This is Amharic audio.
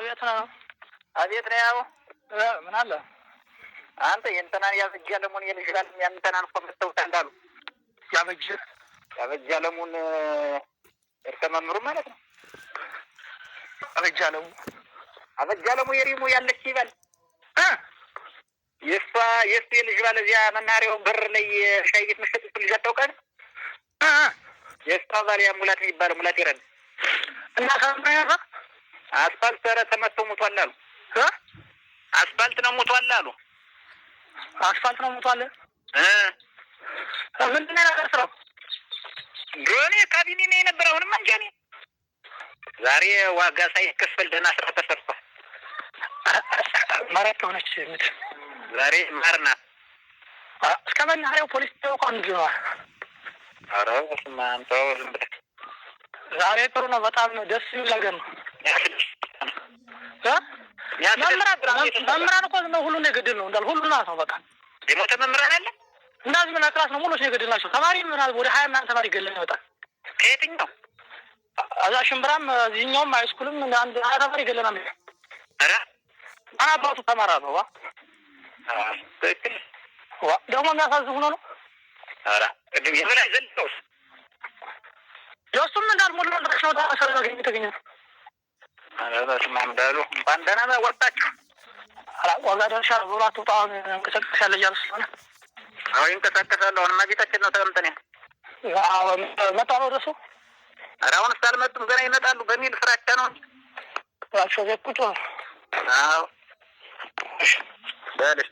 አቤት ነው አቤት ነው ያው ምን አለ አንተ የእንትናን ያበጃ ለሙን የልጅላል ያንተናን እኮ መተውታ እንዳሉ ያበጃ ያበጃ ለሙን እርሰ መምሩ ማለት ነው። አበጃ ለሙ አበጃ ለሙ የሪሙ ያለች ይበል የእሷ የእሱ የልጅ ባል እዚያ መናሪያው በር ላይ ሻይ ቤት መሸጥ እሱ ልጅ አታውቃል። የእሷ ባል ሙላት የሚባለው ሙላት ይረን እና ሰምራ ያራ አስፋልት ኧረ ተመትቶ ሙቷል አሉ። አስፋልት ነው ሙቷል አሉ። አስፋልት ነው ሙቷል። ምንድን ነው ነገር ስራው? ድሮኔ ካቢኔ ነው የነበረ። አሁንም እንጃ ዛሬ ዋጋ ሳይከፈል ደህና ስራ ተሰርቷል። ማራት ከሆነች ምት ዛሬ ማርና እስከ መናኸሪያው ፖሊስ ታውቋ ምድዋል። ኧረ በስመ አብ ተው ዝም ዛሬ ጥሩ ነው። በጣም ነው ደስ የሚል ነው። መምህራን እኮ ነው ሁሉን የገድል ነው እንዳል ሁሉ ሁሉን ነው በቃ የሞተ መምህራን አለ እንዳዚህ ምን አክላስ ነው ሙሉች ነው የገድል ናቸው። ተማሪ ምናል ወደ ሀያ ምናን ተማሪ ገድለን ይወጣል። ከየትኛው እዛ ሽምብራም እዚህኛውም ሃይስኩልም አንድ ሀያ ተማሪ ገለና ሚ አና አባቱ ተማራ ነው ዋ ትክክል ደግሞ የሚያሳዝን ሆኖ ነው የምን አይዘልቀውስ የእሱም እንዳልሞላ ድረሽ ነው ዳሰ ገኝ ተገኛል በስመ አብ በሉ እንኳን ደህና ወጣችሁ። ዋጋ ደርሻ ብሎ አትውጣ አሁን እንቀሳቀሳለሁ እያሉ ስለሆነ አሁ ይንቀሳቀሳሉ። አሁንማ ጌታችን ነው ተለምተን መጣ ነው ደሱ ኧረ አሁንስ አልመጡም ገና ይመጣሉ በሚል ፍራቻ ነው ፍራቸው ቤት ነው። አዎ በልሽ